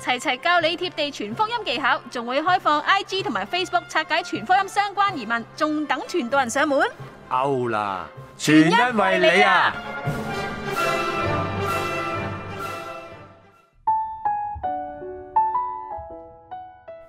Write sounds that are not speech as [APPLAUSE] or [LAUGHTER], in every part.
齊齊教你貼地傳福音技巧，仲會開放 I G 同埋 Facebook 拆解傳福音相關疑問，仲等傳道人上門。歐啦，全因為你啊！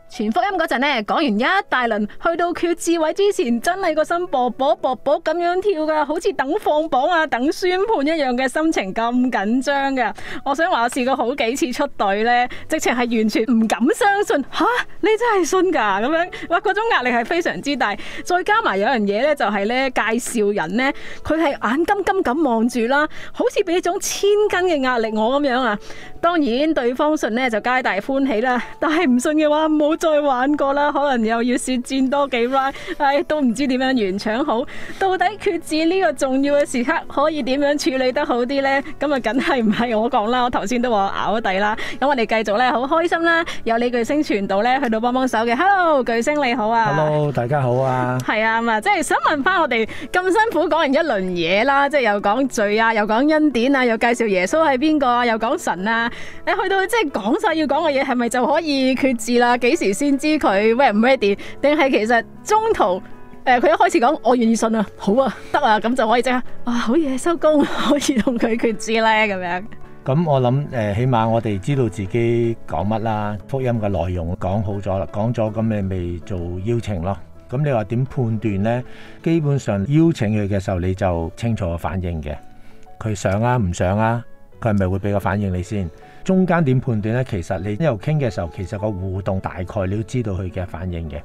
全福音嗰陣咧，講完一大輪，去到決志位之前，真係個心薄薄薄薄咁樣跳噶，好似等放榜啊、等宣判一樣嘅心情咁緊張㗎。我想話我試過好幾次出隊呢，直情係完全唔敢相信，吓、啊、你真係信噶咁樣，哇嗰種壓力係非常之大。再加埋有樣嘢呢，就係呢介紹人呢，佢係眼金金咁望住啦，好似俾一種千斤嘅壓力我咁樣啊。當然，對方信呢就皆大歡喜啦。但係唔信嘅話，唔好再玩過啦。可能又要舌戰多幾 round，唉，都唔知點樣完場好。到底決戰呢個重要嘅時刻，可以點樣處理得好啲呢？咁啊，梗係唔係我講啦？我頭先都話咬底啦。咁我哋繼續咧，好開心啦！有李巨星傳到咧，去到幫幫手嘅。Hello，巨星你好啊！Hello，大家好啊！係啊，咁啊，即係想問翻我哋咁辛苦講完一輪嘢啦，即係又講罪啊，又講恩典啊，又介紹耶穌係邊個啊，又講神啊。你去到即係講晒要講嘅嘢，係咪就可以決志啦？幾時先知佢 ready 唔 ready？定係其實中途誒，佢、呃、一開始講我願意信啊，好啊，得啊，咁就可以即刻啊，好嘢，收工，可以同佢決志咧，咁樣。咁、嗯、我諗誒、呃，起碼我哋知道自己講乜啦，福音嘅內容講好咗啦，講咗咁你咪做邀請咯。咁你話點判斷咧？基本上邀請佢嘅時候，你就清楚反應嘅，佢想啊唔想啊？佢係咪會俾個反應你先？中間點判斷呢？其實你一路傾嘅時候，其實個互動大概你都知道佢嘅反應嘅。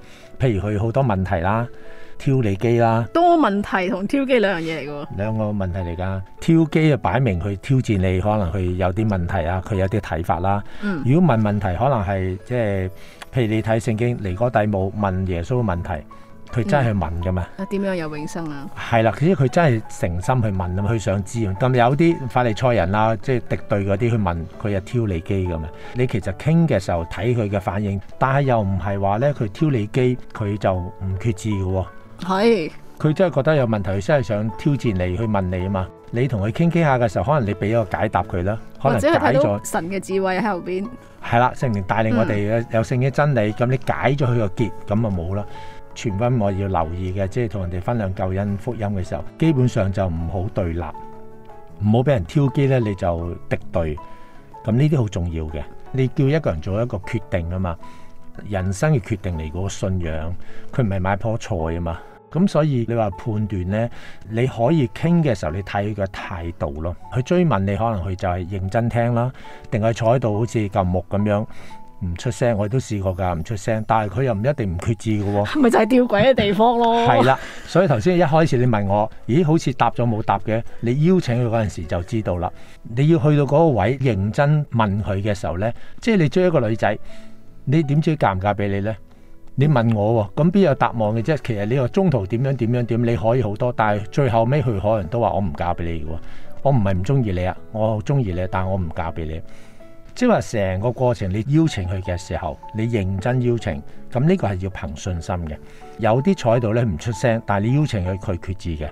譬如佢好多問題啦，挑你機啦。多問題同挑機兩樣嘢嚟嘅喎。兩個問題嚟㗎，挑機就擺明去挑戰你，可能佢有啲問題啊，佢有啲睇法啦。嗯，如果問問題，可能係即係，譬如你睇聖經，尼哥底母問耶穌問題。佢真係去問嘅嘛、嗯？啊，點樣有永生啊？係啦，其實佢真係誠心去問啊，佢想知。咁有啲法利賽人啦，即係敵對嗰啲去問，佢又挑你機咁嘛。你其實傾嘅時候睇佢嘅反應，但係又唔係話咧，佢挑你機佢就唔缺智嘅喎。係是。佢真係覺得有問題，佢真係想挑戰你去問你啊嘛。你同佢傾傾下嘅時候，可能你俾一個解答佢啦，可能解咗神嘅智慧喺後邊。係啦，聖靈帶領我哋有聖經真理，咁、嗯、你解咗佢個結，咁就冇啦。全分我要留意嘅，即係同人哋分享救恩福音嘅時候，基本上就唔好對立，唔好俾人挑機呢你就敵對。咁呢啲好重要嘅，你叫一個人做一個決定啊嘛，人生嘅決定嚟，個信仰佢唔係買棵菜啊嘛。咁所以你話判斷呢，你可以傾嘅時候，你睇佢嘅態度咯。佢追問你，可能佢就係認真聽啦，定係坐喺度好似撳木咁樣。唔出聲，我都試過㗎，唔出聲。但係佢又唔一定唔決志嘅喎，係咪？ [LAUGHS] 就係吊鬼嘅地方咯。係啦，所以頭先一開始你問我，咦，好似答咗冇答嘅。你邀請佢嗰陣時就知道啦。你要去到嗰個位，認真問佢嘅時候呢，即係你追一個女仔，你點知嫁唔嫁俾你呢？你問我喎，咁邊有答案嘅啫？其實你話中途點樣點樣點，你可以好多，但係最後尾佢可能都話我唔嫁俾你嘅喎。我唔係唔中意你啊，我好中意你，但我唔嫁俾你。即係話成個過程，你邀請佢嘅時候，你認真邀請，咁呢個係要憑信心嘅。有啲坐喺度咧唔出聲，但係你邀請佢，佢決志嘅。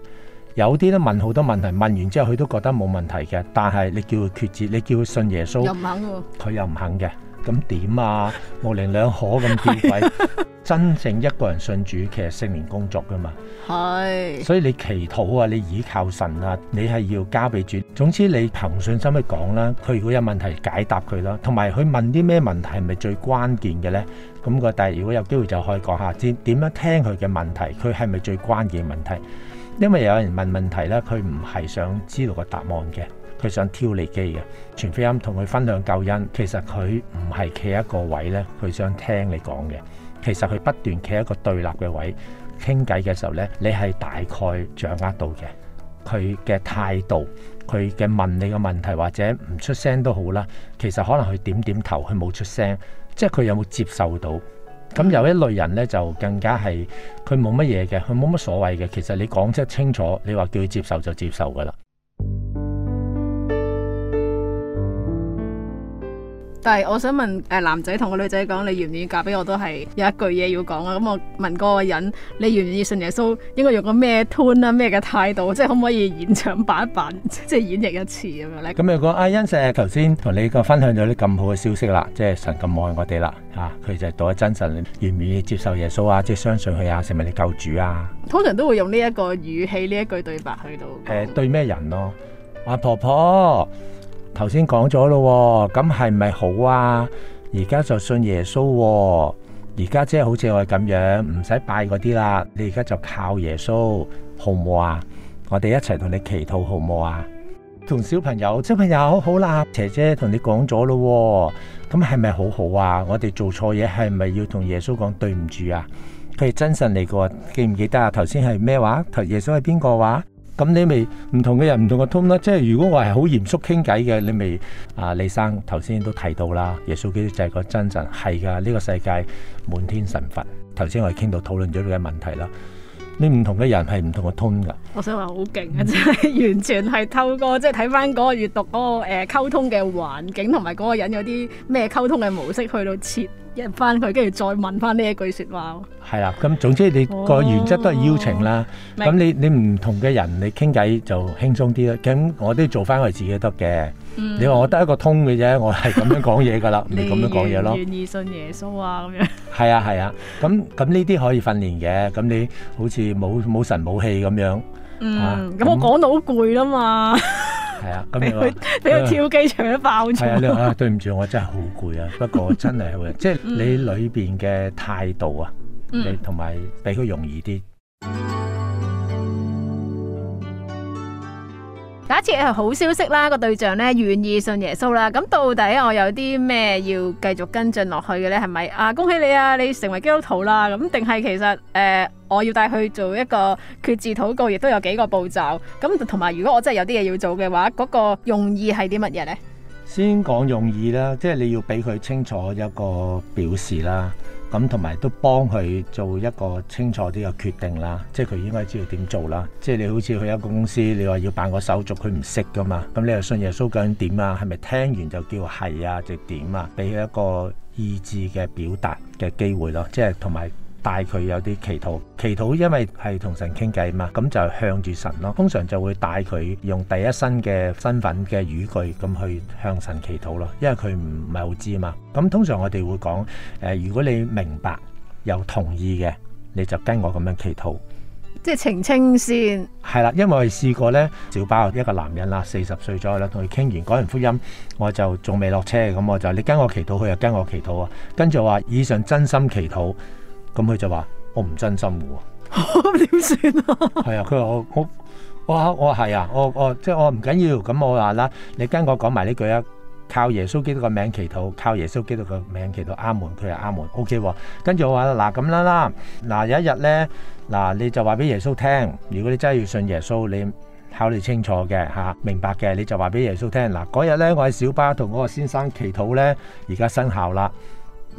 有啲咧問好多問題，問完之後佢都覺得冇問題嘅，但係你叫佢決志，你叫佢信耶穌，又唔肯喎，佢又唔肯嘅，啊。咁點啊？模棱兩可咁跌鬼， [LAUGHS] 真正一個人信主，其實四年工作㗎嘛。係。 [LAUGHS] 所以你祈禱啊，你倚靠神啊，你係要交俾主。總之你憑信心去講啦，佢如果有問題解答佢啦，同埋佢問啲咩問題係咪最關鍵嘅呢？咁個但如果有機會就可以講下，知點樣聽佢嘅問題，佢係咪最關鍵嘅問題？因為有人問問題咧，佢唔係想知道個答案嘅。佢想挑你機嘅，全飛音同佢分享救恩，其實佢唔係企一個位呢。佢想聽你講嘅。其實佢不斷企一個對立嘅位傾偈嘅時候呢，你係大概掌握到嘅佢嘅態度，佢嘅問你嘅問題或者唔出聲都好啦。其實可能佢點點頭，佢冇出聲，即係佢有冇接受到？咁有一類人呢，就更加係佢冇乜嘢嘅，佢冇乜所謂嘅。其實你講得清楚，你話叫佢接受就接受㗎啦。但係我想問，願願我，誒，男仔同個女仔講你願唔願意嫁俾我，都係有一句嘢要講啊。咁、嗯、我問嗰個人，你願唔願意信耶穌？應該用個咩 tone 啊？咩嘅態度？即係可唔可以演場版一版？即係演繹一次咁樣咧？咁、嗯、啊，個阿欣頭先同你個分享咗啲咁好嘅消息啦，即係神咁愛我哋啦，吓、啊、佢就獨一真神，願唔願意接受耶穌啊？即係相信佢啊？成為你救主啊？通常都會用呢一個語氣，呢一句對白，去到誒、嗯、對咩人咯、啊？阿、啊、婆婆。頭先講咗咯，咁係咪好啊？而家就信耶穌啊，而家即係好似我咁樣，唔使拜嗰啲啦。你而家就靠耶穌，好唔好啊？我哋一齊同你祈禱，好唔好啊？同小朋友，小朋友好啦，姐姐同你講咗咯，咁係咪好好啊？我哋做錯嘢係咪要同耶穌講對唔住啊？佢係真神嚟噶，記唔記得啊？頭先係咩話？頭耶穌係邊個話？咁你咪唔同嘅人唔同嘅 tone 啦，即係如果我係好嚴肅傾偈嘅，你咪啊李生頭先都提到啦，耶穌基督就係個真神，係噶呢個世界滿天神佛。頭先我哋傾到討論咗啲嘅問題啦，你唔同嘅人係唔同嘅 tone 噶。我想話好勁啊，即係完全係透過即係睇翻嗰個閱讀嗰個誒溝通嘅環境同埋嗰個人有啲咩溝通嘅模式去到切。入翻佢，跟住再問翻呢一句説話。係啦，咁總之你個原則都係邀請啦。咁你你唔同嘅人，你傾偈就輕鬆啲啦。咁我都做翻我自己得嘅。你話我得一個通嘅啫，我係咁樣講嘢㗎啦，唔係咁樣講嘢咯。願意信耶穌啊，咁樣。係啊，係啊。咁咁呢啲可以訓練嘅。咁你好似冇冇神冇氣咁樣。嗯。咁我講到好攰吖嘛。係啊，咁樣俾佢跳機場，隨便爆出。係啊，對唔住，我真係好攰啊。不過真係好，即係你裏邊嘅態度啊， [LAUGHS] 你同埋比佢容易啲。 [NOISE] 假設係好消息啦，個對象呢，願意信耶穌啦，咁到底我有啲咩要繼續跟進落去嘅呢？係咪啊？恭喜你啊！你成為基督徒啦，咁定係其實誒，我要帶佢去做一個決志禱告，亦都有幾個步驟。咁同埋，如果我真係有啲嘢要做嘅話，嗰個用意係啲乜嘢呢？先講用意啦，即係你要俾佢清楚一個表示啦。咁同埋都幫佢做一個清楚啲嘅決定啦，即係佢應該知道點做啦。即係你好似去一個公司，你話要辦個手續，佢唔識噶嘛。咁你又信耶穌究竟點啊？係咪聽完就叫係啊？定點啊？俾佢一個意志嘅表達嘅機會咯。即係同埋。帶佢有啲祈禱，祈禱因為係同神傾偈嘛，咁就向住神咯。通常就會帶佢用第一身嘅身份嘅語句咁去向神祈禱咯，因為佢唔係好知嘛。咁通常我哋會講，誒、呃，如果你明白又同意嘅，你就跟我咁樣祈禱。即係澄清先。係啦，因為我試過呢，小巴一個男人啦，四十歲左右，同佢傾完講完福音，我就仲未落車，咁我就你跟我祈禱，佢又跟我祈禱啊，跟住我話以上真心祈禱。咁佢就話我唔真心嘅，咁點算啊？係啊，佢話我我我我係啊，我我即係我唔緊要，咁我話啦，你跟我講埋呢句啊，靠耶穌基督嘅名祈禱，靠耶穌基督嘅名祈禱，阿門，佢係阿門，OK。跟住我話嗱咁啦啦，嗱有一日咧，嗱你就話俾耶穌聽，如果你真係要信耶穌，你考慮清楚嘅吓，明白嘅，你就話俾耶穌聽。嗱嗰日咧，我喺小巴同嗰個先生祈禱咧，而家生效啦。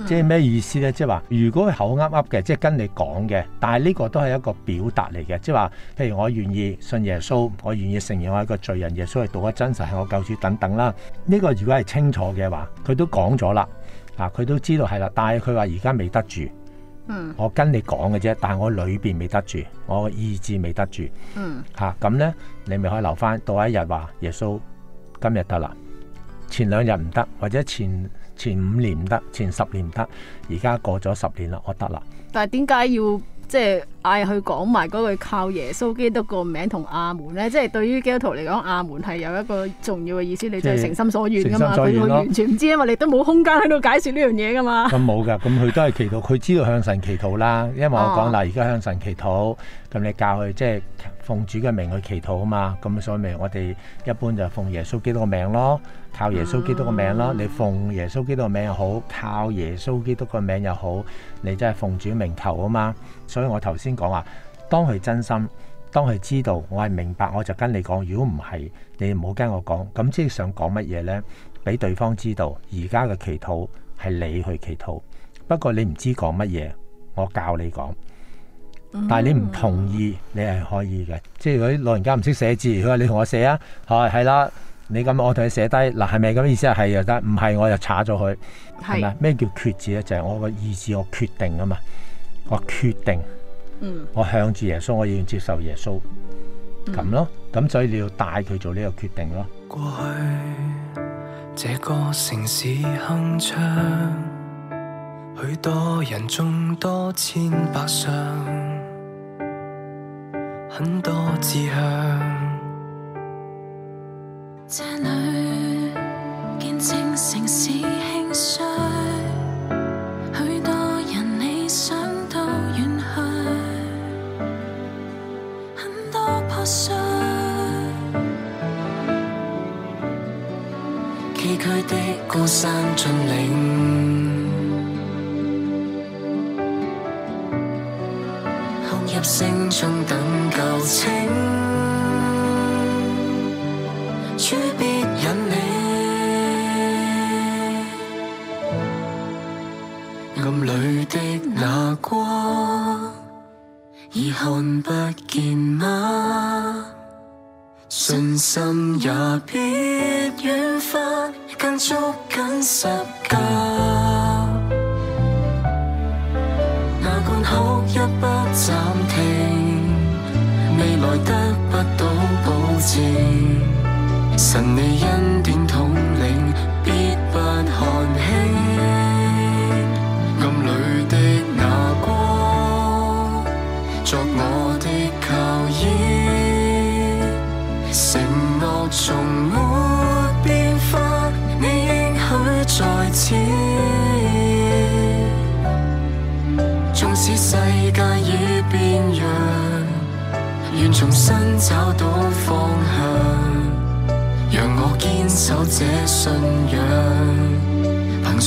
即係咩意思呢？即係話如果佢口啱啱嘅，即係跟你講嘅，但係呢個都係一個表達嚟嘅，即係話，譬如我願意信耶穌，我願意承認我係一個罪人，耶穌係道一真實，係我救主等等啦。呢個如果係清楚嘅話，佢都講咗啦，嗱，佢都知道係啦，但係佢話而家未得住，嗯，我跟你講嘅啫，但係我裏邊未得住，我意志未得住，嗯，吓咁呢，你咪可以留翻到一日話耶穌，今日得啦，前兩日唔得或者前。前五年唔得，前十年唔得，而家過咗十年啦，我得啦。但係點解要？即係嗌佢講埋嗰句靠耶穌基督個名同阿門咧，即係對於基督徒嚟講，阿門係有一個重要嘅意思。你真係誠心所願噶嘛？佢完全唔知，因為你都冇空間喺度解釋呢樣嘢噶嘛。咁冇噶，咁佢都係祈禱，佢知道向神祈禱啦。因為我講嗱，而家、啊、向神祈禱，咁你教佢即係奉主嘅名去祈禱啊嘛。咁所以咪我哋一般就奉耶穌基督個名咯，靠耶穌基督個名咯。啊、你奉耶穌基督個名又好，靠耶穌基督個名又好，你真係奉主名求啊嘛。所以我頭先講話，當佢真心，當佢知道，我係明白，我就跟你講。如果唔係，你唔好跟我講。咁即係想講乜嘢呢？俾對方知道，而家嘅祈禱係你去祈禱。不過你唔知講乜嘢，我教你講。但係你唔同意，你係可以嘅。嗯、即係嗰啲老人家唔識寫字，佢話你同我寫啊。哦、哎，係啦，你咁我同你寫低。嗱，係咪咁意思啊？係又得，唔係我又查咗佢。係咪？咩叫決字咧？就係、是、我個意志，我決定啊嘛。我決定，我向住耶穌，我要接受耶穌咁咯，咁、嗯、所以你要帶佢做呢個決定咯。過去這個城市很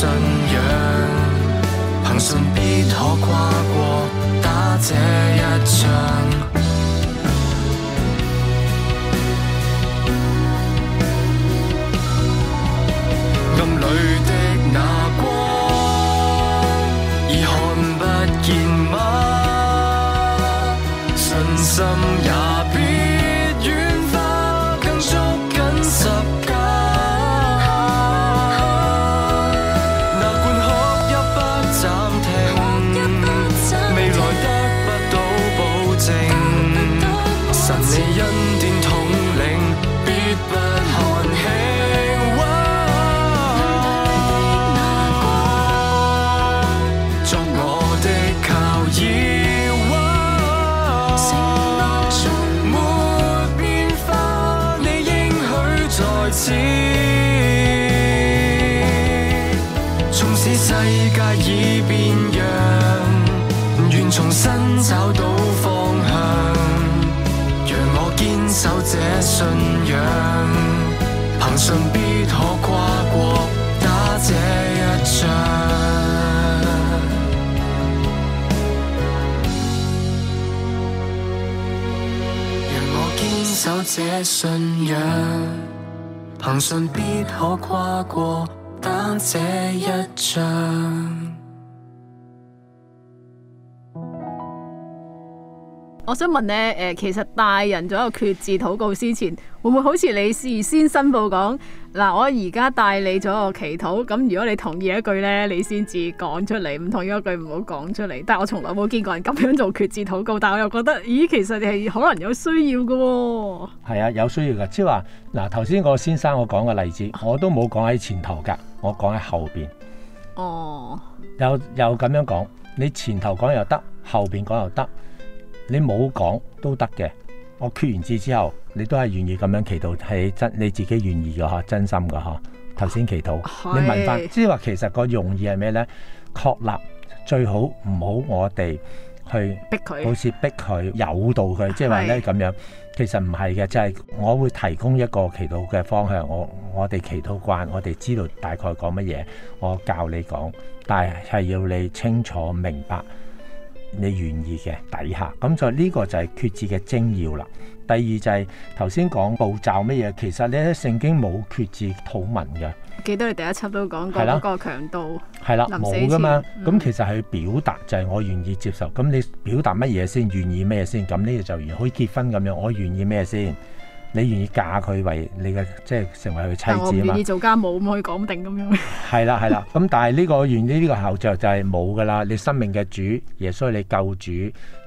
信仰，憑信必可跨過，打這一仗。這信仰，憑信必可跨過單這一障。我想問咧，誒，其實大人做一個決志禱告之前，會唔會好似你事先申報講嗱？我而家帶你做一個祈禱，咁如果你同意一句咧，你先至講出嚟；唔同意一句唔好講出嚟。但係我從來冇見過人咁樣做決志禱告，但係我又覺得，咦，其實你係可能有需要噶喎。係啊，有需要噶，即係話嗱，頭先個先生我講嘅例子，我都冇講喺前頭噶，我講喺後邊。哦。有有咁樣講，你前頭講又得，後邊講又得。你冇講都得嘅，我決完志之後，你都係願意咁樣祈禱，係真你自己願意嘅嗬，真心嘅嗬。頭先祈禱，你問翻，是即係話其實個用意係咩呢？確立最好唔他好我哋去逼佢，好似逼佢、誘導佢，即係話呢咁是樣。其實唔係嘅，就係、是、我會提供一個祈禱嘅方向。我我哋祈禱慣，我哋知道大概講乜嘢，我教你講，但係係要你清楚明白。你願意嘅底下，咁就呢個就係決志嘅精要啦。第二就係頭先講步驟乜嘢，其實咧聖經冇決志禱文嘅。記得你第一輯都講過的個強盜，係啦，冇㗎嘛。咁其實係表達就係我願意接受。咁、嗯、你表達乜嘢先願意咩先？咁呢就就如可以結婚咁樣，我願意咩先？你願意嫁佢為你嘅，即係成為佢妻子啊！我唔願意做家務，唔可以講定咁樣。係 [LAUGHS] 啦，係啦，咁但係呢、這個願意呢個效著就係冇噶啦，你生命嘅主耶穌，你救主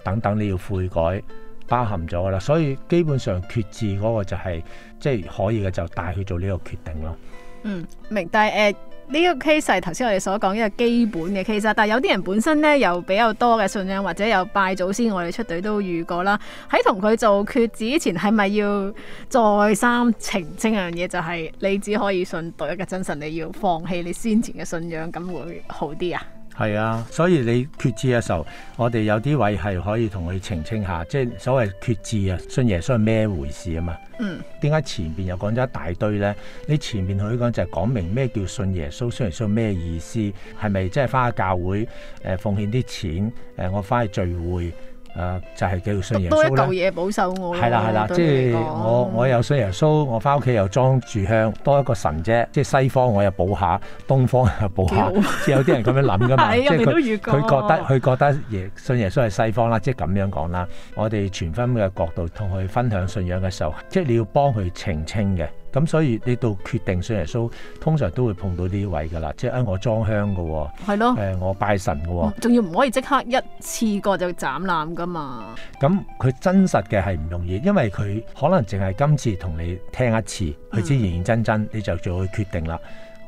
等等，你要悔改，包含咗噶啦。所以基本上決志嗰個就係即係可以嘅，就帶佢做呢個決定咯。嗯，明，但係誒。呃呢個 case 係頭先我哋所講一個基本嘅 case。但係有啲人本身呢，有比較多嘅信仰或者有拜祖先，我哋出隊都遇過啦。喺同佢做決志前，係咪要再三澄清一樣嘢？就係、是、你只可以信獨一個真神，你要放棄你先前嘅信仰，咁會好啲啊？係啊，所以你決志嘅時候，我哋有啲位係可以同佢澄清下，即係所謂決志啊，信耶穌係咩回事啊嘛。嗯。點解前邊又講咗一大堆咧？你前面同佢講就係講明咩叫信耶穌，信耶穌咩意思？係咪即係翻去教會誒、呃、奉獻啲錢誒、呃？我翻去聚會。誒、啊，就係、是、叫信耶穌啦，多一嚿嘢，保守我。係啦係啦，即係我我有信耶穌，我翻屋企又裝住香，多一個神啫。即係西方我又補下，東方又補下。即係挺好 [LAUGHS] 有啲人咁樣諗噶嘛。係，我哋都遇過。佢覺得佢覺得耶信耶穌係西方啦，即係咁樣講啦。我哋傳福音嘅角度同佢分享信仰嘅時候，即係你要幫佢澄清嘅。咁所以你到決定信耶穌，通常都會碰到呢位噶啦，即係啊我裝香噶、哦，係咯，誒、呃、我拜神噶、哦，仲要唔可以即刻一次過就斬纜噶嘛？咁佢真實嘅係唔容易，因為佢可能淨係今次同你聽一次，佢先認認真真，你就做去決定啦，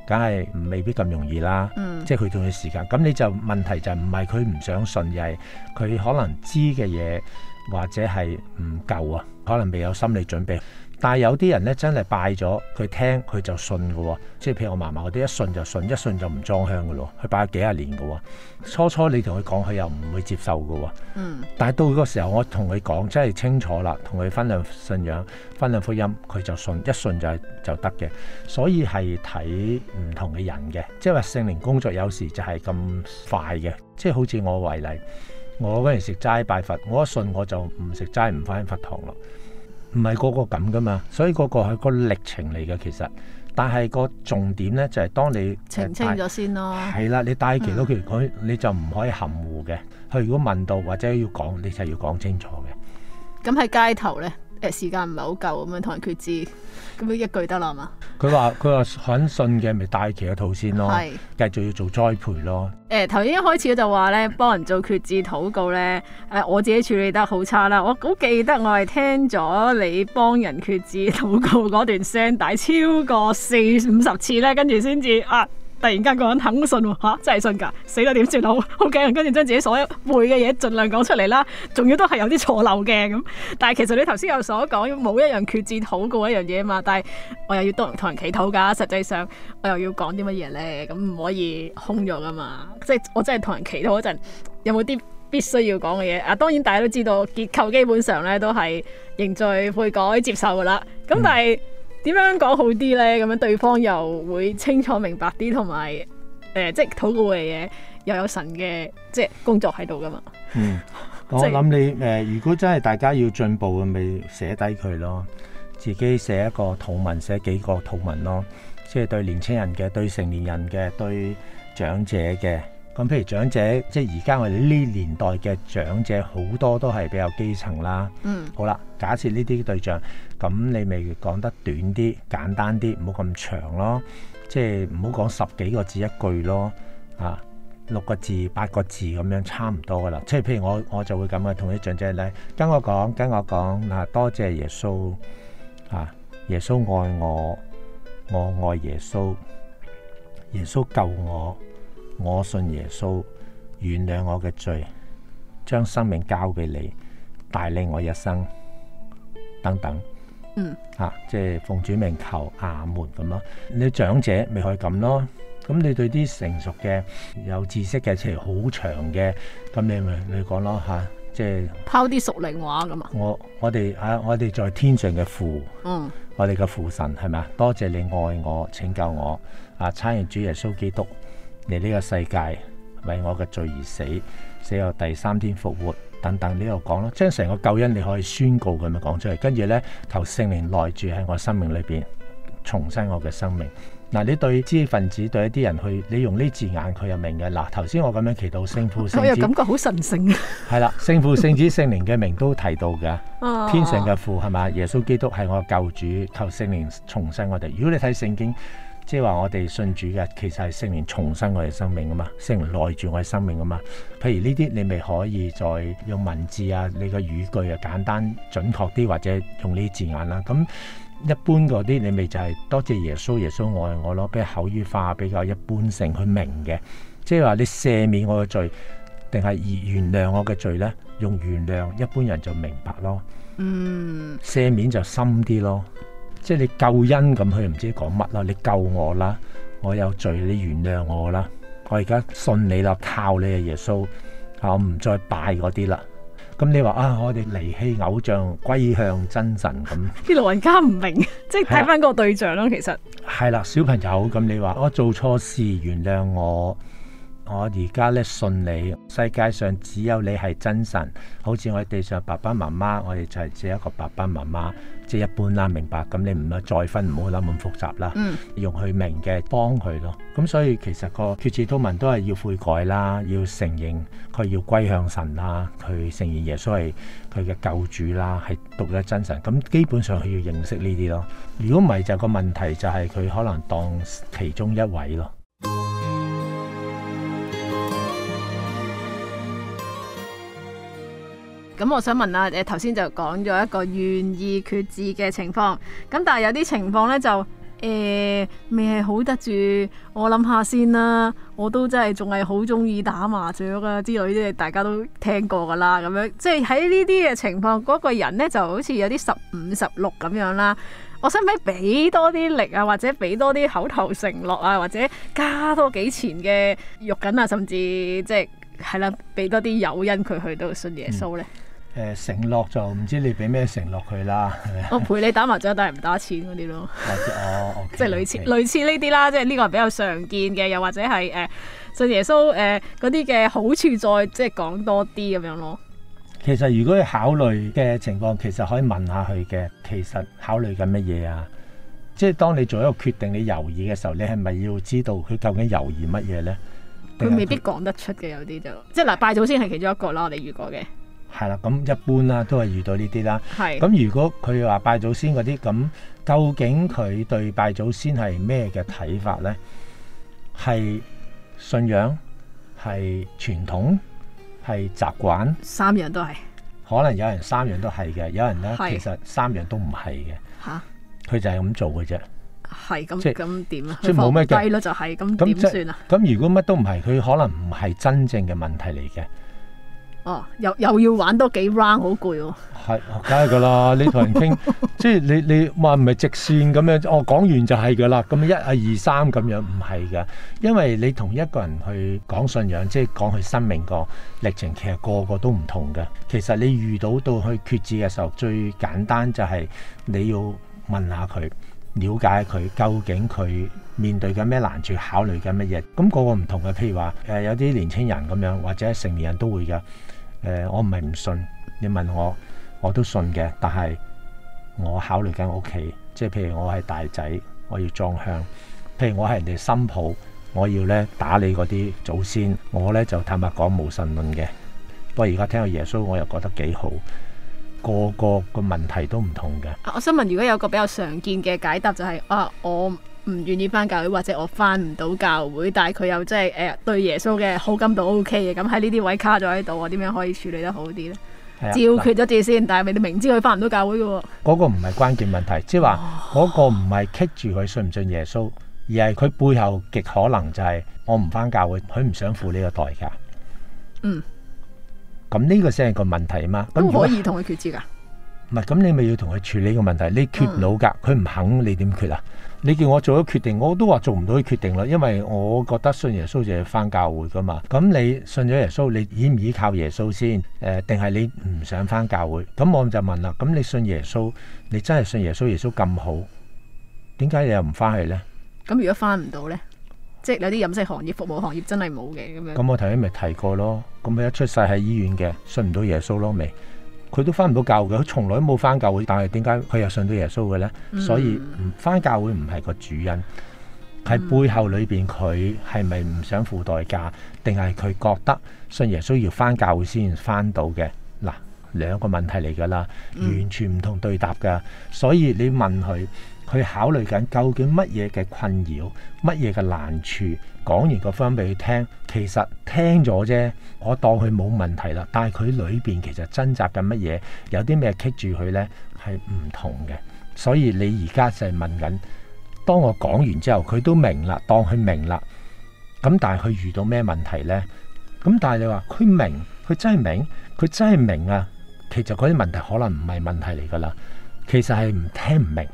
梗係未必咁容易啦。嗯、即係佢仲要時間，咁你就問題就唔係佢唔想信，而係佢可能知嘅嘢或者係唔夠啊，可能未有心理準備。但係有啲人咧真係拜咗，佢聽佢就信㗎喎、哦。即係譬如我嫲嫲嗰啲，一信就信，一信就唔裝香㗎咯。佢拜咗幾十年㗎喎、哦。初初你同佢講，佢又唔會接受㗎喎、哦。嗯。但係到嗰個時候，我同佢講真係清楚啦，同佢分享信仰、分享福音，佢就信一信就係就得嘅。所以係睇唔同嘅人嘅，即係話聖靈工作有時就係咁快嘅。即係好似我為例，我嗰陣食齋拜佛，我一信我就唔食齋唔返佛堂咯。唔係個個咁㗎嘛，所以個個係個歷程嚟嘅其實，但係個重點咧就係、是、當你澄清咗先咯，係啦，你帶齊嗰啲佢你就唔可以含糊嘅，佢如果問到或者要講，你就要講清楚嘅。咁喺街頭咧？其實誒時間唔係好夠咁樣同人決志，咁樣一句得啦嘛。佢話佢話肯信嘅咪、就是、帶其嘅套先咯，是繼續要做栽培咯。誒頭先一開始我就話咧，幫人做決志禱告咧，誒我自己處理得好差啦。我好記得我係聽咗你幫人決志禱告嗰段聲帶超過四五十次咧，跟住先至啊。突然間個人肯、啊、信喎真係信㗎，死都點算好，好驚！跟住將自己所有背嘅嘢盡量講出嚟啦，仲要都係有啲錯漏嘅咁。但係其實你頭先有所講，冇一樣決戰好過一樣嘢嘛。但係我又要同同人祈禱㗎，實際上我又要講啲乜嘢咧？咁唔可以空咗㗎嘛？即係我真係同人祈禱嗰陣，有冇啲必須要講嘅嘢？啊，當然大家都知道結構基本上咧都係認罪、悔改接受㗎啦。咁但係、嗯。點樣講好啲呢？咁樣對方又會清楚明白啲，同埋誒，即係禱告嘅嘢又有神嘅即係工作喺度噶嘛？嗯， [LAUGHS] 就係、我諗你誒、呃，如果真係大家要進步，咪寫低佢咯，自己寫一個禱文，寫幾個禱文咯，即係對年輕人嘅、對成年人嘅、對長者嘅。咁譬如長者，即係而家我哋呢年代嘅長者好多都係比較基層啦。嗯，好啦，假設呢啲對象。咁你咪講得短啲簡單啲，唔好咁長咯，即係唔好講十幾個字一句咯，啊六個字八個字咁樣差唔多噶啦。即係譬如我我就會咁啊，同啲長者咧跟我講，跟我講嗱、啊，多謝耶穌啊，耶穌愛我，我愛耶穌，耶穌救我，我信耶穌，原諒我嘅罪，將生命交俾你，帶領我一生等等。嗯，吓、啊，即係奉主名求阿們咁咯。你長者咪可以咁咯。咁你對啲成熟嘅有知識嘅，即係好長嘅，咁你咪你講咯吓、啊，即係拋啲屬靈話咁啊。我我哋吓，我哋在天上嘅父，嗯，我哋嘅父神係咪，多謝你愛我，拯救我。啊，差完主耶穌基督嚟呢個世界，為我嘅罪而死。死後第三天復活等等呢度講咯，將成個救恩你可以宣告咁樣講出嚟，跟住呢，求聖靈內住喺我生命裏邊重生我嘅生命。嗱、啊，你對知識分子對一啲人去，你用呢字眼佢又明嘅。嗱、啊，頭先我咁樣祈禱聖父聖子，感覺好神聖。係啦， [LAUGHS] 聖父聖子聖靈嘅名都提到噶， [LAUGHS] 天上嘅父係嘛，耶穌基督係我救主，求聖靈重生我哋。如果你睇聖經。即係話我哋信主嘅，其實係聖靈重生我哋生命噶嘛，聖靈內住我哋生命噶嘛。譬如呢啲你咪可以再用文字啊，你個語句啊簡單準確啲，或者用呢啲字眼啦。咁一般嗰啲你咪就係多謝耶穌耶穌愛我咯，比較口語化，比較一般性去明嘅。即係話你赦免我嘅罪，定係而原諒我嘅罪呢？用原諒一般人就明白咯。嗯，赦免就深啲咯。即係你救恩咁，佢唔知講乜啦。你救我啦，我有罪，你原諒我啦。我而家信你啦，靠你啊，耶穌啊，我唔再拜嗰啲啦。咁、嗯、你話啊，我哋離棄偶像，歸向真神咁。啲 [LAUGHS] 老人家唔明，即係睇翻個對象咯，了其實係啦，小朋友咁，你話我做錯事，原諒我。我而家咧信你，世界上只有你係真神。好似我哋地上爸爸媽媽，我哋就係只一個爸爸媽媽，即係一般啦，明白？咁你唔要再分，唔好諗咁複雜啦。嗯、用佢明嘅幫佢咯。咁所以其實個決志禱文都係要悔改啦，要承認佢要歸向神啦，佢承認耶穌係佢嘅救主啦，係獨一真神。咁基本上佢要認識呢啲咯。如果唔係就個問題就係佢可能當其中一位咯。咁我想問啊，誒頭先就講咗一個願意決志嘅情況，咁但係有啲情況咧就誒、欸、未係好得住，我諗下先啦、啊。我都真係仲係好中意打麻雀噶之類啲，大家都聽過噶啦，咁樣即係喺呢啲嘅情況，嗰、那個人咧就好似有啲十五十六咁樣啦、啊。我使唔使俾多啲力啊，或者俾多啲口頭承諾啊，或者加多幾錢嘅肉緊啊，甚至即係係啦，俾、啊、多啲誘因佢去到信耶穌咧？嗯誒、呃、承諾就唔知你俾咩承諾佢啦，係咪？我陪你打麻雀，但係唔打錢嗰啲咯。 [LAUGHS] 哦，okay, okay. 即係類似類似呢啲啦，即係呢個係比較常見嘅，又或者係誒、呃、信耶穌誒嗰啲嘅好處再，再即係講多啲咁樣咯。其實如果你考慮嘅情況，其實可以問下佢嘅，其實考慮緊乜嘢啊？即係當你做一個決定，你猶豫嘅時候，你係咪要知道佢究竟猶豫乜嘢咧？佢未必講得出嘅，有啲就即係嗱，拜祖先係其中一個啦。你遇過嘅。係啦，咁一般啦，都係遇到呢啲啦。係咁，如果佢話拜祖先嗰啲，咁究竟佢對拜祖先係咩嘅睇法咧？係信仰，係傳統，係習慣，三樣都係。可能有人三樣都係嘅，有人咧的其實三樣都唔係嘅。吓，佢就係咁做嘅啫。係咁，即係咁點啊？即係冇咩計，低咯，就係咁點算啊？咁如果乜都唔係，佢可能唔係真正嘅問題嚟嘅。哦，又又要玩多幾 round，好攰喎。係、啊，梗係噶啦。你同人傾， [LAUGHS] 即係你你話唔係直線咁樣，哦講完就係噶啦。咁一啊二三咁樣唔係噶，因為你同一個人去講信仰，即係講佢生命個歷程，其實個個都唔同嘅。其實你遇到到去決戰決志嘅時候，最簡單就係你要問下佢，了解佢究竟佢面對緊咩難處，考慮緊乜嘢。咁、嗯那個個唔同嘅，譬如話誒、呃、有啲年輕人咁樣，或者成年人都會噶。誒、呃，我唔係唔信，你問我，我都信嘅。但係我考慮緊屋企，即係譬如我係大仔，我要裝香；譬如我係人哋新抱，我要咧打理嗰啲祖先。我咧就坦白講無神論嘅，不過而家聽到耶穌，我又覺得幾好。個個個問題都唔同嘅、啊。我想問，如果有一個比較常見嘅解答就係、是、啊，我。唔願意翻教會，或者我翻唔到教會，但係佢又即係誒對耶穌嘅好感度 OK 嘅，咁喺呢啲位卡咗喺度，我點樣可以處理得好啲咧？的照決咗志先，但係你明知佢翻唔到教會嘅。嗰個唔係關鍵問題，即係話嗰個唔係棘住佢信唔信耶穌，而係佢背後極可能就係我唔翻教會，佢唔想付呢個代價。嗯。咁呢個先係個問題嘛。都可以同佢決志啊。唔咁你咪要同佢處理個問題。你缺腦㗎，佢唔、嗯、肯，你點缺啊？你叫我做咗決定，我都話做唔到啲決定啦，因為我覺得信耶穌就係翻教會㗎嘛。咁你信咗耶穌，你依唔依靠耶穌先？誒、呃，定係你唔想翻教會？咁我就問啦。咁你信耶穌，你真係信耶穌？耶穌咁好，點解你又唔翻去呢？咁如果翻唔到呢？即係有啲飲食行業、服務行業真係冇嘅咁樣。咁我頭先咪提過咯。咁佢一出世喺醫院嘅，信唔到耶穌咯未？佢都翻唔到教嘅，佢從來都冇翻教會，但係點解佢又信到耶穌嘅呢？所以翻、嗯、教會唔係個主因，係、嗯、背後裏邊佢係咪唔想付代價，定係佢覺得信耶穌要翻教會先翻到嘅？嗱，兩個問題嚟噶啦，完全唔同對答噶，嗯、所以你問佢。去考慮緊究竟乜嘢嘅困擾，乜嘢嘅難處。講完個方俾佢聽，其實聽咗啫，我當佢冇問題啦。但係佢裏邊其實掙扎緊乜嘢，有啲咩棘住佢呢？係唔同嘅。所以你而家就係問緊，當我講完之後，佢都明啦，當佢明啦。咁但係佢遇到咩問題呢？咁但係你話佢明，佢真係明，佢真係明啊。其實嗰啲問題可能唔係問題嚟㗎啦，其實係唔聽唔明。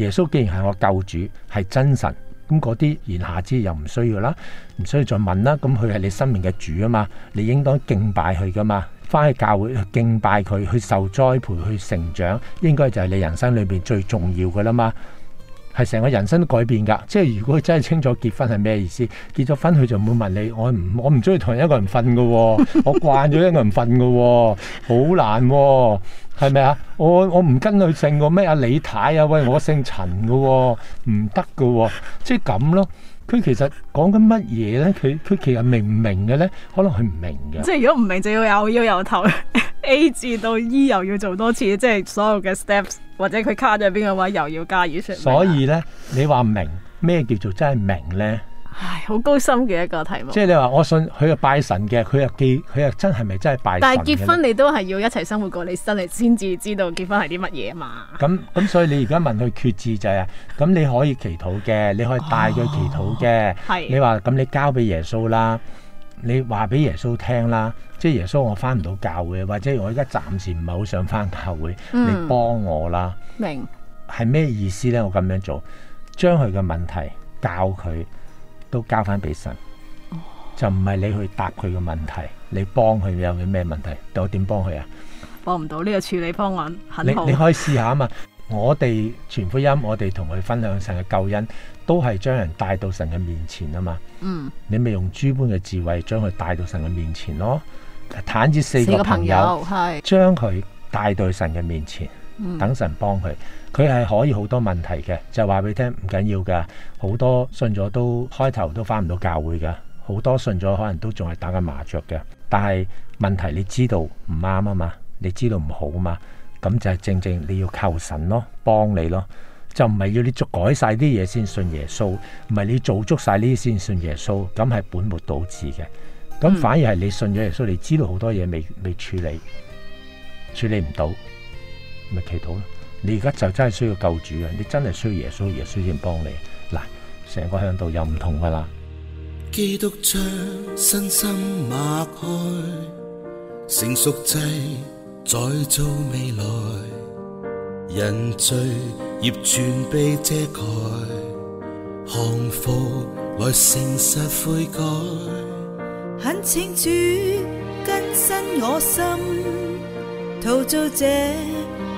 耶穌既然係我救主，係真神，咁嗰啲言下之意又唔需要啦，唔需要再問啦。咁佢係你生命嘅主啊嘛，你應當敬拜佢噶嘛，翻去教會去敬拜佢，去受栽培，去成長，應該就係你人生裏邊最重要噶啦嘛。係成個人生都改變㗎，即係如果佢真係清楚結婚係咩意思，結咗婚佢就唔會問你，我唔我唔中意同一個人瞓㗎喎，我慣咗一個人瞓㗎喎，好難喎、哦，係咪啊？我我唔跟佢姓個咩啊？李太啊，喂，我姓陳㗎喎、哦，唔得㗎喎，即係咁咯。佢其實講緊乜嘢咧？佢佢其實明唔明嘅咧？可能佢唔明嘅。即係如果唔明，就要有要由頭 [LAUGHS] A 至到 E，又要做多次，即係所有嘅 steps，或者佢卡喺邊個位，又要加以說明、啊。所以咧，你話明咩叫做真係明咧？唉，好高深嘅一個題目。即係你話我信佢係拜神嘅，佢又記佢又真係咪真係拜神？但係結婚你都係要一齊生活過，你先嚟，先至知道結婚係啲乜嘢嘛？咁咁、嗯，所以你而家問佢決志就係、是、咁，你可以祈禱嘅、哦，你可以帶佢祈禱嘅。係。你話咁，你交俾耶穌啦，你話俾耶穌聽啦，即係耶穌，我翻唔到教會，或者我而家暫時唔係好想翻教會，你幫我啦、嗯。明。係咩意思咧？我咁樣做，將佢嘅問題教佢。都交翻俾神，oh. 就唔係你去答佢嘅問題，你幫佢有啲咩問題？我點幫佢啊？幫唔到呢個處理方案，你可以試下啊？嘛， [LAUGHS] 我哋全福音，我哋同佢分享神嘅救恩，都係將人帶到神嘅面前啊？嘛，嗯，mm. 你咪用諸般嘅智慧將佢帶到神嘅面前咯，癱子，四,四個朋友，係將佢帶到神嘅面前。等神幫佢，佢係可以好多問題嘅，就話俾你聽唔緊要噶，好多信咗都開頭都翻唔到教會噶，好多信咗可能都仲係打緊麻雀嘅，但係問題你知道唔啱，啊嘛，你知道唔好啊嘛，咁就係正正你要求神咯，幫你咯，就唔係要你做改晒啲嘢先信耶穌，唔係你做足晒呢啲先信耶穌，咁係本末倒置嘅，咁反而係你信咗耶穌，你知道好多嘢未未處理，處理唔到。咪祈禱咯！你而家就真係需要救主啊！你真係需要耶穌，耶穌先幫你嗱，成個響度又唔同噶啦。基督將身心擘開，成熟制再造未來，人罪業全被遮蓋，降服來誠實悔改，懇請主更新我心，徒做這。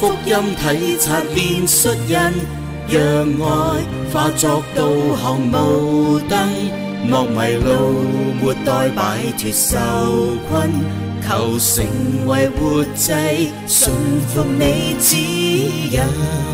福音體察辨術印，讓愛化作導航霧燈，莫迷路，末代擺脫受困，求成為活祭，順服你指引。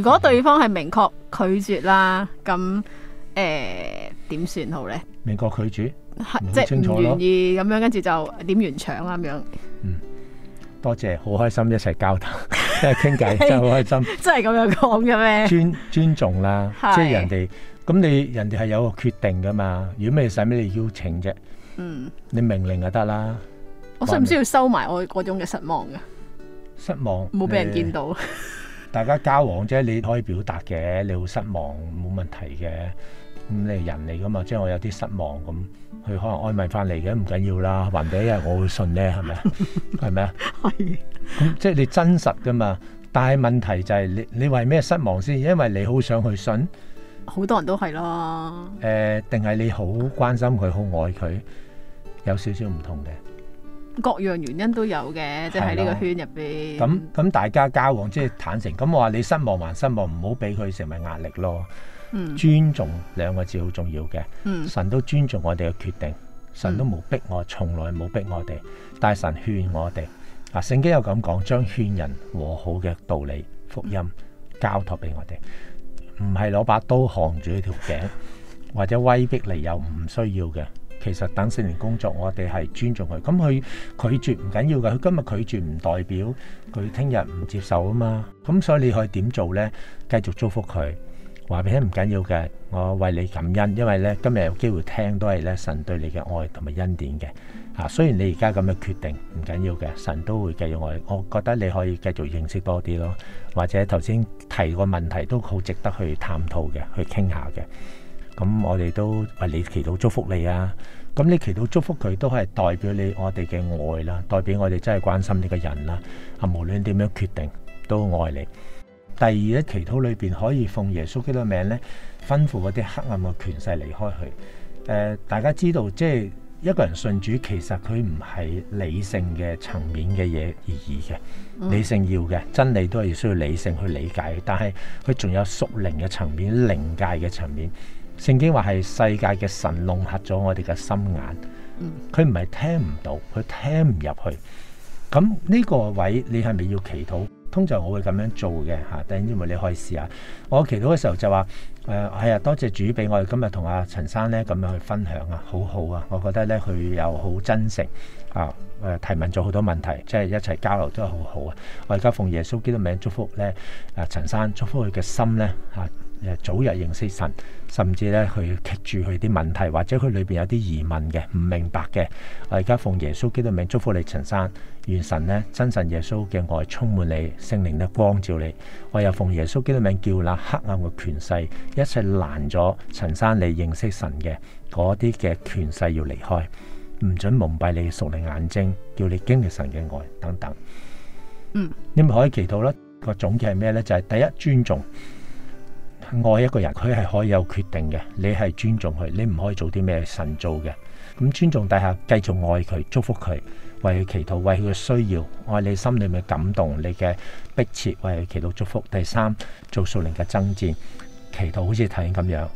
如果對方係明確拒絕啦，咁誒點算好咧？明確拒絕，即係唔願意咁樣，跟住就點完場啦咁樣。嗯，多謝，好開心，一齊交談，一齊傾偈，真係好開心。真係咁樣講嘅咩？尊尊重啦，即係人哋咁你人哋係有個決定噶嘛？如果咩使咩畀你邀請啫？嗯，你命令就得啦。我需唔需要收埋我嗰種嘅失望嘅失望？冇俾人見到。大家交往啫，你可以表達嘅，你好失望冇問題嘅。咁、嗯、你係人嚟噶嘛，即係我有啲失望咁，佢可能安慰翻嚟嘅，唔緊要啦。還俾因為我會信咧，係咪啊？係咪啊？係。咁即係你真實噶嘛？但係問題就係你你為咩失望先？因為你好想去信，好多人都係咯。誒、呃，定係你好關心佢，好愛佢，有少少唔同嘅。各樣原因都有嘅，即係喺呢個圈入邊。咁咁大家交往，即係坦誠，咁我話你失望還失望，唔好俾佢成為壓力咯。嗯、尊重兩個字好重要嘅，嗯、神都尊重我哋嘅決定，神都冇逼我，從來冇逼我哋，但神勸我哋。嗱、啊，聖經又咁講，將勸人和好嘅道理，福音交託俾我哋，唔係攞把刀扛住你條頸，或者威逼你又唔需要嘅。其實等四年工作，我哋係尊重佢。咁佢拒絕唔緊要嘅，佢今日拒絕唔代表佢聽日唔接受啊嘛。咁所以你可以點做呢？繼續祝福佢，話俾你聽，唔緊要嘅。我為你感恩，因為呢今日有機會聽都係呢神對你嘅愛同埋恩典嘅。啊，雖然你而家咁嘅決定唔緊要嘅，神都會繼續愛。我覺得你可以繼續認識多啲咯，或者頭先提個問題都好值得去探討嘅，去傾下嘅。咁、嗯、我哋都為、哎、你祈禱祝福你啊！咁、嗯、你祈禱祝福佢都係代表你我哋嘅愛啦，代表我哋真係關心呢個人啦。啊，無論點樣決定都愛你。第二咧，祈禱裏邊可以奉耶穌基督名咧，吩咐嗰啲黑暗嘅權勢離開佢。誒、呃，大家知道即係一個人信主，其實佢唔係理性嘅層面嘅嘢而已嘅，嗯、理性要嘅真理都係需要理性去理解，但係佢仲有屬靈嘅層面、靈界嘅層面。聖經話係世界嘅神弄瞎咗我哋嘅心眼，佢唔係聽唔到，佢聽唔入去。咁呢個位你係咪要祈禱？通常我會咁樣做嘅嚇，等陣你可以試下。我祈禱嘅時候就話：誒係啊，多謝主俾我哋今日同阿陳生咧咁樣去分享啊，好好啊！我覺得咧佢又好真誠啊，誒提問咗好多問題，即係一齊交流都係好好啊。我而家奉耶穌基督名祝福咧，阿、呃、陳生祝福佢嘅心咧嚇、啊、早日認識神。甚至咧，去揭住佢啲問題，或者佢裏邊有啲疑問嘅、唔明白嘅。我而家奉耶穌基督名祝福你，陳生，願神呢，真神耶穌嘅愛充滿你，聖靈嘅光照你。我又奉耶穌基督名叫那黑暗嘅權勢，一切攔阻陳生你認識神嘅嗰啲嘅權勢要離開，唔準蒙蔽你屬靈眼睛，叫你經歷神嘅愛等等。嗯，你咪可以祈禱啦。個總結係咩呢？就係、是、第一尊重。愛一個人，佢係可以有決定嘅，你係尊重佢，你唔可以做啲咩神做嘅。咁尊重底下繼續愛佢，祝福佢，為佢祈禱，為佢嘅需要，愛你心裏面嘅感動，你嘅迫切為佢祈禱祝福。第三做屬靈嘅爭戰，祈禱好似提琴咁樣，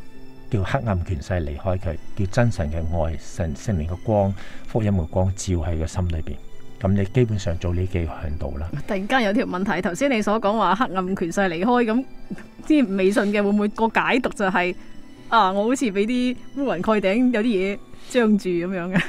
叫黑暗權勢離開佢，叫真神嘅愛、神聖靈嘅光、福音嘅光照喺佢心裏邊。咁你基本上做呢幾個向度啦。突然間有條問題，頭先你所講話黑暗權勢離開咁，啲未信嘅會唔會個解讀就係啊？我好似俾啲烏雲蓋頂，有啲嘢將住咁樣嘅。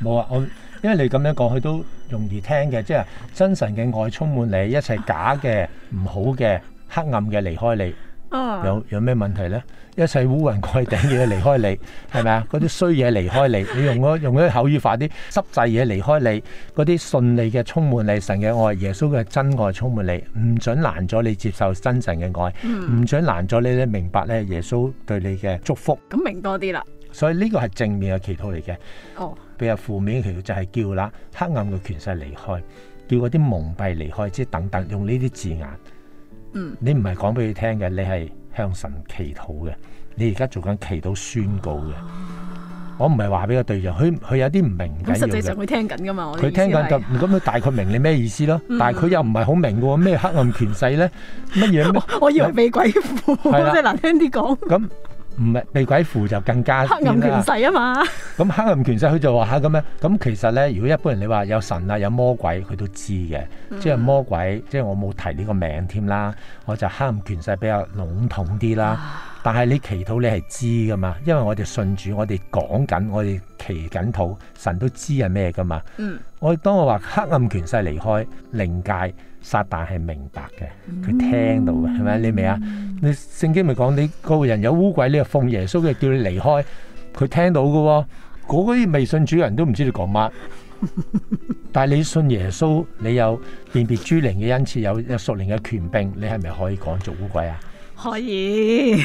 冇啊，我因為你咁樣講，佢都容易聽嘅，即係真神嘅愛充滿你，一切假嘅、唔好嘅、黑暗嘅離開你。Oh. 有有咩問題呢？一世烏雲蓋頂嘅嘢離開你，係咪啊？嗰啲衰嘢離開你，你用嗰用啲口語化啲，濕滯嘢離開你，嗰啲順利嘅充滿你，神嘅愛，耶穌嘅真愛充滿你，唔准攔咗你接受真神嘅愛，唔、mm. 准攔咗你咧明白咧耶穌對你嘅祝福。咁明多啲啦。所以呢個係正面嘅祈禱嚟嘅。哦。Oh. 比較負面嘅祈禱就係叫啦，黑暗嘅權勢離開，叫嗰啲蒙蔽離開，即等等，用呢啲字眼。你唔係講俾佢聽嘅，你係向神祈禱嘅。你而家做緊祈禱宣告嘅，我唔係話俾個對象，佢，佢有啲唔明緊嘅。咁實際上佢聽緊噶嘛，佢聽緊就咁樣大概明你咩意思咯。嗯、但係佢又唔係好明嘅喎，咩黑暗權勢咧，乜嘢我，我以為俾鬼附，即真係難聽啲講的。 [LAUGHS] 那唔係被鬼附就更加黑暗權勢啊嘛！咁黑暗權勢，佢就話嚇咁樣。咁其實咧，如果一般人你話有神啊，有魔鬼，佢都知嘅。嗯、即係魔鬼，即係我冇提呢個名添啦。我就黑暗權勢比較籠統啲啦。 [LAUGHS] 但係你祈禱你係知噶嘛？因為我哋信主，我哋講緊，我哋祈緊禱，神都知係咩噶嘛？嗯，我當我話黑暗權勢離開，靈界撒但係明白嘅，佢聽到嘅係咪？你未啊？你聖經咪講你嗰個人有烏鬼，你係奉耶穌嘅叫你離開，佢聽到噶喎。嗰啲未信主嘅人都唔知你講乜，但係你信耶穌，你有辨別諸靈嘅恩賜，有有屬靈嘅權柄，你係咪可以講做烏鬼啊？可以。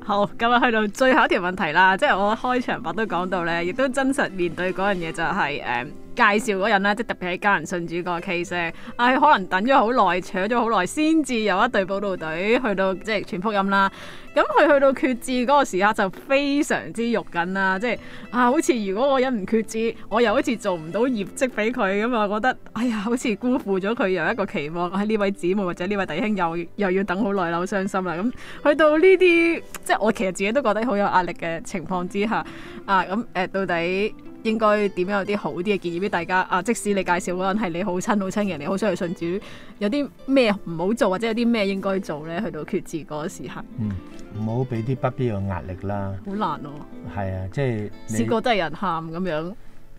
好，今日去到最後一條問題啦，即係我開場白都講到呢，亦都真實面對嗰樣嘢，就係誒。介紹嗰人咧，即係特別係家人信主個 case，唉，可能等咗好耐，扯咗好耐，先至有一隊佈道隊去到，即係傳福音啦。咁佢去到決志嗰個時刻就非常之肉緊啦，即係啊，好似如果我人唔決志，我又好似做唔到業績俾佢，咁啊，覺得哎呀，好似辜負咗佢又一個期望。喺、哎、呢位姊妹或者呢位弟兄又又要等好耐，好傷心啦。咁、嗯、去到呢啲，即係我其實自己都覺得好有壓力嘅情況之下，啊，咁誒、呃，到底，應該點樣有啲好啲嘅建議俾大家啊？即使你介紹嗰人係你好親好親嘅，你好想去信主，有啲咩唔好做或者有啲咩應該做咧？去到決志嗰個時刻，嗯，唔好俾啲不必要嘅壓力啦。好難咯、哦。係啊，即係試過真係人喊咁樣。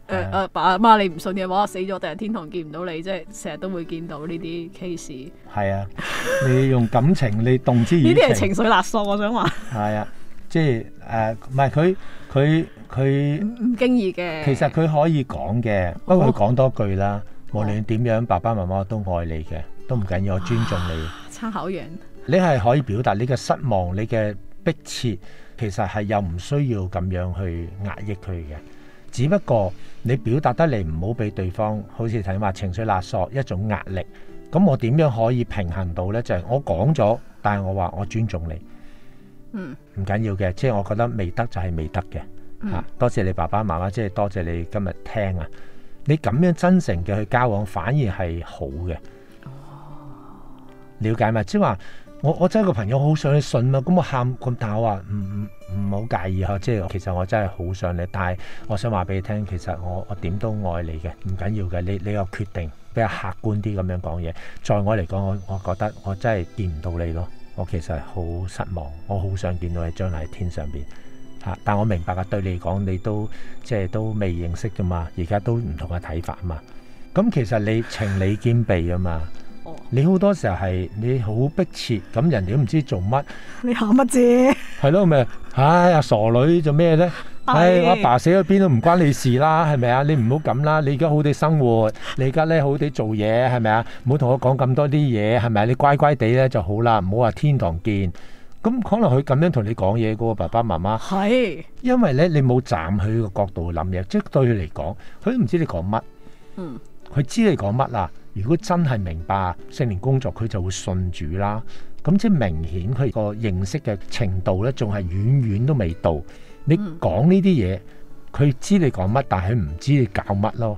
誒、呃、誒，啊、爸阿媽，你唔信嘅話，死咗第日天堂見唔到你，即係成日都會見到呢啲 case。係啊，你用感情， [LAUGHS] 你動之以情。呢啲係情緒勒索，我想話。係啊，即係誒，唔係佢佢。佢唔唔經意嘅，其實佢可以講嘅，不過佢講多句啦。無論點樣，爸爸媽媽都愛你嘅，都唔緊要，我尊重你。參考樣，你係可以表達你嘅失望，你嘅迫切，其實係又唔需要咁樣去壓抑佢嘅。只不過你表達得嚟唔好俾對方好似睇話情緒勒索一種壓力。咁我點樣可以平衡到呢？就係我講咗，但係我話我尊重你，嗯，唔緊要嘅，即係我覺得未得就係未得嘅。吓，多謝你爸爸媽媽，即係多謝你今日聽啊！你咁樣真誠嘅去交往，反而係好嘅。了解嘛？即係話我我真係個朋友，好想你信嘛，咁我喊咁，但我話唔唔唔好介意嗬。即係其實我真係好想你，但係我想話俾你聽，其實我我點都愛你嘅，唔緊要嘅。你你個決定比較客觀啲咁樣講嘢，在我嚟講，我我覺得我真係見唔到你咯，我其實好失望，我好想見到你將來喺天上邊。啊！但我明白啊，對你嚟講，你都即係都未認識㗎嘛，而家都唔同嘅睇法嘛。咁、嗯、其實你情理兼備啊嘛。哦，你好多時候係你好迫切，咁人哋都唔知做乜。你喊乜啫？係咯，咪唉呀，傻女做咩咧？唉，是我阿爸，爸死咗邊都唔關你事啦，係咪啊？你唔好咁啦，你而家好啲生活，你而家咧好啲做嘢，係咪啊？唔好同我講咁多啲嘢，係咪啊？你乖乖地咧就好啦，唔好話天堂見。咁可能佢咁樣同你講嘢嗰個爸爸媽媽，係因為咧你冇站佢個角度去諗嘢，即係對佢嚟講，佢都唔知你講乜。嗯，佢知你講乜啦。如果真係明白聖靈工作，佢就會信主啦。咁即係明顯佢個認識嘅程度咧，仲係遠遠都未到。你講呢啲嘢，佢知你講乜，但係佢唔知你搞乜咯。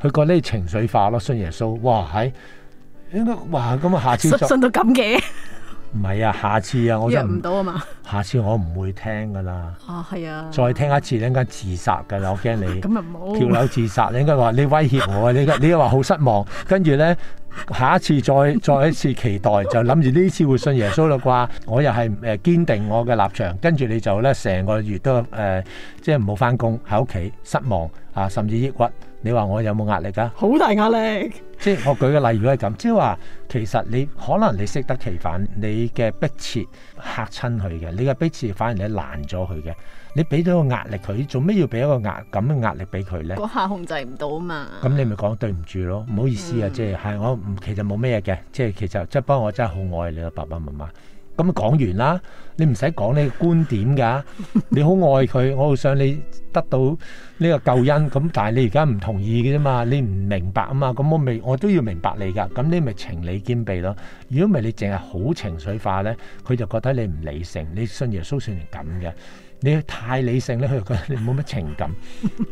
佢覺得你情緒化咯，信耶穌，哇係，應該哇咁啊，下次信到咁嘅。唔係啊，下次啊，我忍唔到嘛。下次我唔會聽噶啦。哦，係啊，啊再聽一次咧，應該自殺噶啦，我驚你咁又跳樓自殺。啊、你應該話你威脅我啊， [LAUGHS] 你你又話好失望，跟住咧下一次再再一次期待， [LAUGHS] 就諗住呢次會信耶穌啦啩？我又係誒堅定我嘅立場，跟住你就咧成個月都誒、呃、即係唔好翻工喺屋企失望啊，甚至抑鬱。你話我有冇壓力㗎、啊？好大壓力！ [LAUGHS] 即係我舉個例，如果係咁，即係話其實你可能你適得其反，你嘅迫切嚇親佢嘅，你嘅迫切反而你爛咗佢嘅，你俾咗個壓力佢，做咩要俾一個壓咁嘅壓力俾佢咧？嗰下控制唔到啊嘛！咁、嗯、你咪講對唔住咯，唔好意思啊，嗯、即係係我唔其實冇咩嘅，即係其實即不過我真係好愛你啊，爸爸媽媽，媽。咁講完啦。你唔使講你個觀點㗎，你好愛佢，我好想你得到呢個救恩。咁但係你而家唔同意嘅啫嘛，你唔明白啊嘛。咁我未，我都要明白你㗎。咁你咪情理兼備咯。如果唔係你淨係好情緒化咧，佢就覺得你唔理性。你信耶穌算係咁嘅。你太理性咧，佢就覺得你冇乜情感，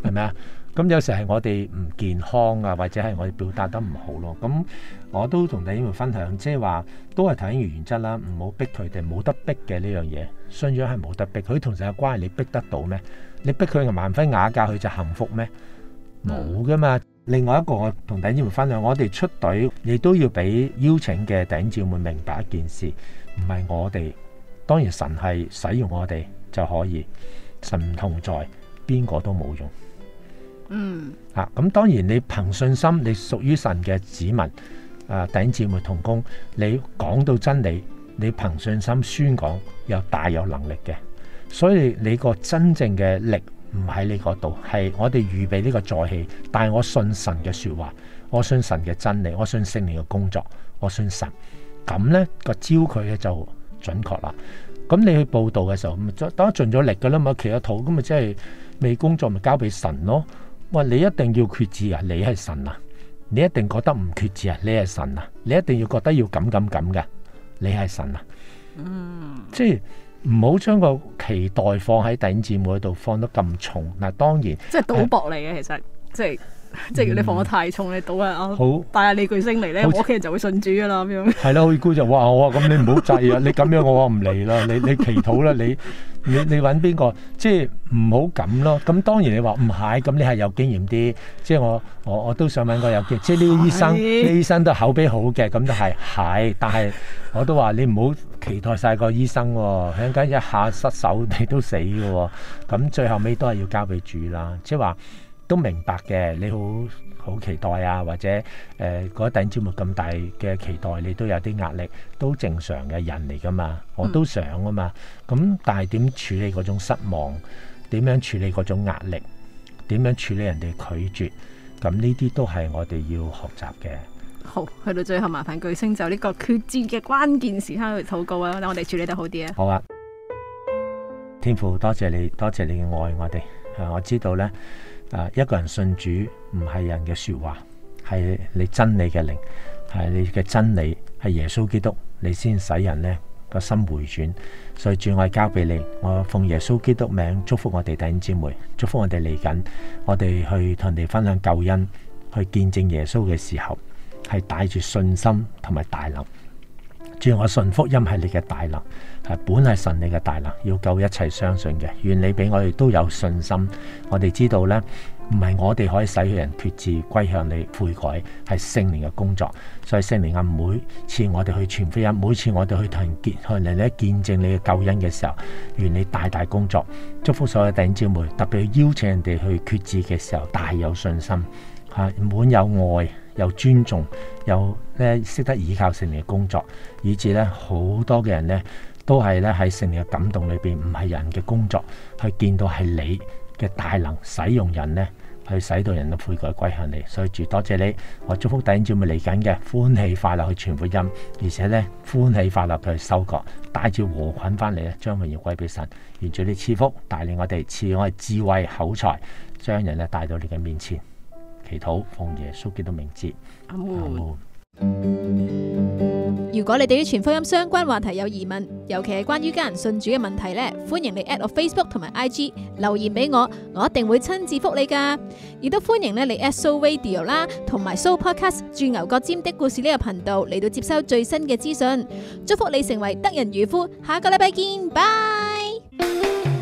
係咪啊？咁有時係我哋唔健康啊，或者係我哋表達得唔好咯。咁我都同弟兄們分享，即係話都係體現原則啦，唔好逼佢哋冇得逼嘅呢樣嘢，信仰係冇得逼。佢同神嘅關係，你逼得到咩？你逼佢係萬分瓦解，佢就幸福咩？冇噶嘛。另外一個，我同弟兄們分享，我哋出隊亦都要俾邀請嘅弟兄們明白一件事，唔係我哋當然神係使用我哋就可以，神唔同在，邊個都冇用。嗯，啊，咁當然你憑信心，你屬於神嘅子民，啊，頂姊妹同工，你講到真理，你憑信心宣講又大有能力嘅，所以你個真正嘅力唔喺你嗰度，係我哋預備呢個助器，但係我信神嘅說話，我信神嘅真理，我信聖靈嘅工作，我信神，咁呢個焦距咧就準確啦。咁你去報道嘅時候咪就當盡咗力噶啦嘛，企阿土咁咪即係未工作咪交俾神咯。哇！你一定要決志啊！你係神啊！你一定覺得唔決志啊！你係神啊！你一定要覺得要咁咁咁嘅！你係神啊！嗯，即係唔好將個期待放喺第二節目度，放得咁重嗱。當然即係賭博嚟嘅，嗯、其實即係。即係你放得太重，你倒啊！嗯、好，但係你巨星嚟咧，我屋企人就會信主噶啦，咁好樣。係啦，好姑 [LAUGHS] 就話我啊，咁你唔好制啊！你咁樣我話唔嚟啦，你你祈禱啦，你你你揾邊個？即係唔好咁咯。咁當然你話唔係，咁你係有經驗啲。即係我我我都想問個有經驗，即係呢啲醫生，呢醫生都口碑好嘅，咁就係係。但係我都話你唔好期待晒個醫生，陣間，一下失手你都死噶。咁最後尾都係要交俾主啦，即係話。都明白嘅，你好好期待啊，或者誒嗰頂節目咁大嘅期待，你都有啲壓力，都正常嘅人嚟噶嘛，我都想啊嘛。咁、嗯、但係點處理嗰種失望？點樣處理嗰種壓力？點樣處理人哋拒絕，咁呢啲都係我哋要學習嘅。好，去到最後麻煩巨星就呢個決戰嘅關鍵時刻去禱告啊！我哋處理得好啲啊！好啊，天父，多謝你，多謝你愛我哋。啊，我知道咧。啊！一個人信主唔係人嘅説話，係你真理嘅靈，係你嘅真理，係耶穌基督，你先使人呢個心回轉。所以主我交俾你，我奉耶穌基督名祝福我哋弟兄姊妹，祝福我哋嚟緊，我哋去同人哋分享救恩，去見證耶穌嘅時候，係帶住信心同埋大能。主，我信福音係你嘅大能，係本係神你嘅大能，要救一切相信嘅。願你俾我哋都有信心，我哋知道咧，唔係我哋可以使人決志歸向你悔改，係聖靈嘅工作。所以聖靈啊，每次我哋去傳福音，每次我哋去同人、去人咧見證你嘅救恩嘅時候，願你大，大大工作，祝福所有弟兄姊妹，特別邀請人哋去決志嘅時候，大有信心，吓、啊、滿有愛。又尊重，又咧識得依靠聖靈嘅工作，以至咧好多嘅人咧都係咧喺聖靈嘅感動裏邊，唔係人嘅工作去見到係你嘅大能使用人咧，去使到人嘅悔改歸向你。所以住多謝你，我祝福弟兄姊妹嚟緊嘅歡喜快樂去傳福音，而且咧歡喜快樂去收割，帶住禾捆翻嚟咧，將榮耀歸俾神。願主你賜福帶領我哋，賜我哋智慧口才，將人咧帶到你嘅面前。祈禱，奉耶穌基督名字。阿門。如果你對於全福音相關話題有疑問，尤其係關於家人信主嘅問題咧，歡迎你 at 我 Facebook 同埋 IG 留言俾我，我一定會親自覆你噶。亦都歡迎咧你 at Soul Radio 啦，同埋 Soul Podcast《鑽牛角尖的故事頻》呢個頻道嚟到接收最新嘅資訊。祝福你成為得人漁夫，下個禮拜見，拜。